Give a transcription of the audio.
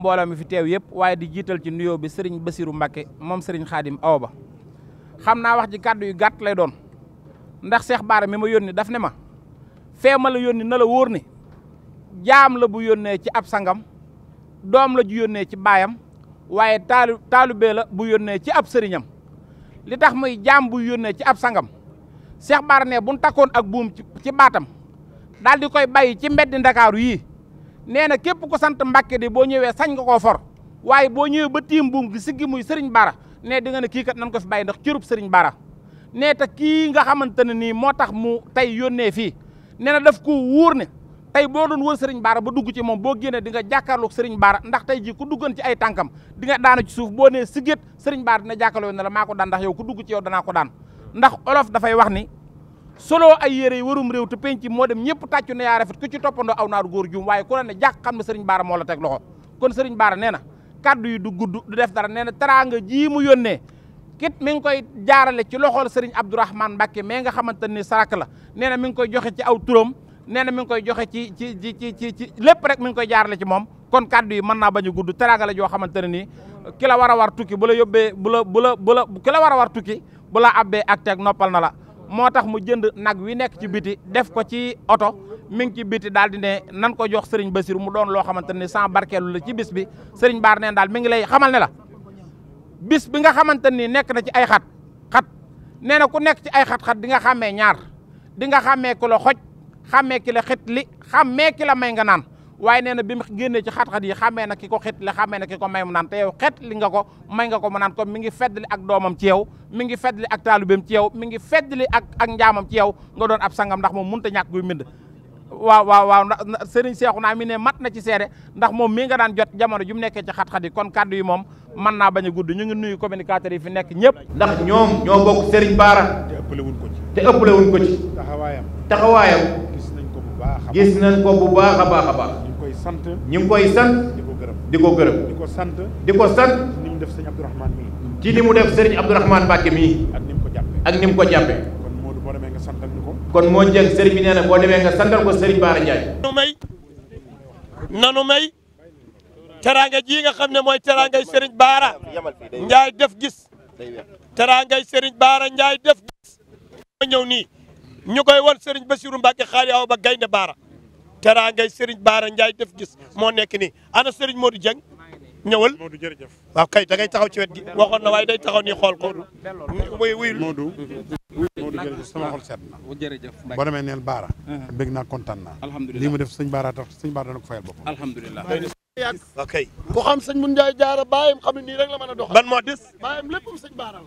mbooloo mi fi teew yëpp waaye di jiital ci nuyoo bi sëriñ Basiru Mbakke moom sëriñ Xaadim Awa xam naa wax ji kàddu yu gàtt lay doon ndax seex Baara mi ma yónni daf ne ma fee ma la yónni na la wóor ne jaam la bu yónnee ci ab sangam doom la ju yónnee ci baayam waaye taalu la bu yónnee ci ab sëriñam li tax muy jaam bu yónnee ci ab sangam seex Baara ne bu ñu takkoon ak buum ci baatam daal di koy bàyyi ci mbeddi Ndakaaru yii nee na képp ko sant Mbàkke di boo ñëwee sañ nga koo for waaye boo ñëwee ba tiim buum gi siggi muy sëriñ bara ne di nga ne kii kat nan ko fi bàyyi ndax cërub sëriñ bara nee ta kii nga xamante ne nii moo tax mu tey yónnee fii nee na daf ko wóor ne tey boo doon wër sëriñ bara ba dugg ci moom boo génnee di nga jàkkaarloog sëriñ bara ndax tey ji ku duggan ci ay tànkam di nga daanu ci suuf boo nee sigét sëriñ bara dina jàkkaarloo ne maa ko daan ndax yow ku dugg ci yow danaa ko daan ndax olof dafay wax ni solo ay yére yi warum réew te penc moo dem ñëpp tàccu ne yaa rafet ku ci toppandoo aw naaru góor juum waaye ko ne ne jàkk xam ne sëriñ Baara moo la teg loxo kon sëriñ Baara nee na kaddu yi du gudd du def dara nee na teraanga jii mu yónnee kit mi ngi koy jaarale ci loxol sëriñ Abdourahmane Mbacke mais nga xamante ni sarak la nee na mi ngi koy joxe ci aw turam nee na mi ngi koy joxe ci ci ci ci ci lépp rek mi ngi koy jaarale ci moom kon kaddu yi mën naa bañ a gudd teraanga joo xamante ne nii ki la war a war tukki bu la bu la bu la bu la ki war a war tukki bu la abbee noppal na la moo tax mu jënd nag wi nekk ci biti def ko ci oto mi ngi ci biti daal di ne nan ko jox Serigne Bassirou mu doon loo xamante ne sans barkeelu la ci bis bi Serigne Baar neen daal mi ngi lay xamal ne la bis bi nga xamante ni nekk na ci ay xat xat nee na ku nekk ci ay xat-xat di nga xàmmee ñaar di nga xàmmee ku la xoj xàmmee ki xit li xàmmee ki la may nga naan waaye nee na bi mu génnee ci xat-xat yi xamee na ki ko xet li xamee na ki ko may mu naan te yow xet nga ko may nga ko mu naan kon mi ngi feddli ak doomam ci yow mi ngi feddli ak taalubeem ci yow mi ngi feddli ak ak njaamam ci yow nga doon ab sangam ndax moom mun ta ñàkk guy mbind waaw waaw waaw ndax sëriñ seexu naa mi ne mat na ci seere ndax moom mii nga daan jot jamono ju mu nekkee ci xat-xat yi kon kàddu yi moom mën naa bañ gudd ñu ngi nuyu communicateurs yi fi nekk ñëpp ndax ñoom ñoo bokk sëriñ baara te ëppale te ëppale wuñ ko ci taxawaayam gis nañ ko bu baax a baax koy sant. ñu ngi koy sant. di ko gërëm di ko sant. di ko sant. ci li def sëriñ Abdourahmane mii. ci li mu def sëriñ Abdourahmane Mbacke mii. ak ni mu ko jàppee ko jàppee. kon Modou boo demee nga moo njëkk sëriñ bi nee boo demee nga santal ko sëriñ Bara Ndiaye. nanu may teraanga ji nga xam ne mooy teraangay sëriñ Bara Ndiaye def gis teraangay sëriñ baara Ndiaye def gis ma ñëw nii. ñu koy wan Serigne Bassirou Mbacke xaar yaaw ba gaynde baara teraa ngay Serigne Baara Ndiaye def gis moo nekk nii ana Serigne Modou Dieng ñëwal Modou jërëjëf waaw kay da ngay taxaw ci wet gi waxoon waaye day taxaw nii xool ko muy wuy Modou Modou jërëjëf sama xol seet na boo demee neel Baara uh-huh. bëgg naa kontaan lii mu def sëñ Baara tax sëñ Baara dana ko fayal boppam alhamdulilah yàgg xam sëñ mun Ndiaye jaara bàyyam xam ne nii rek a doxal ban moo des bàyyam léppam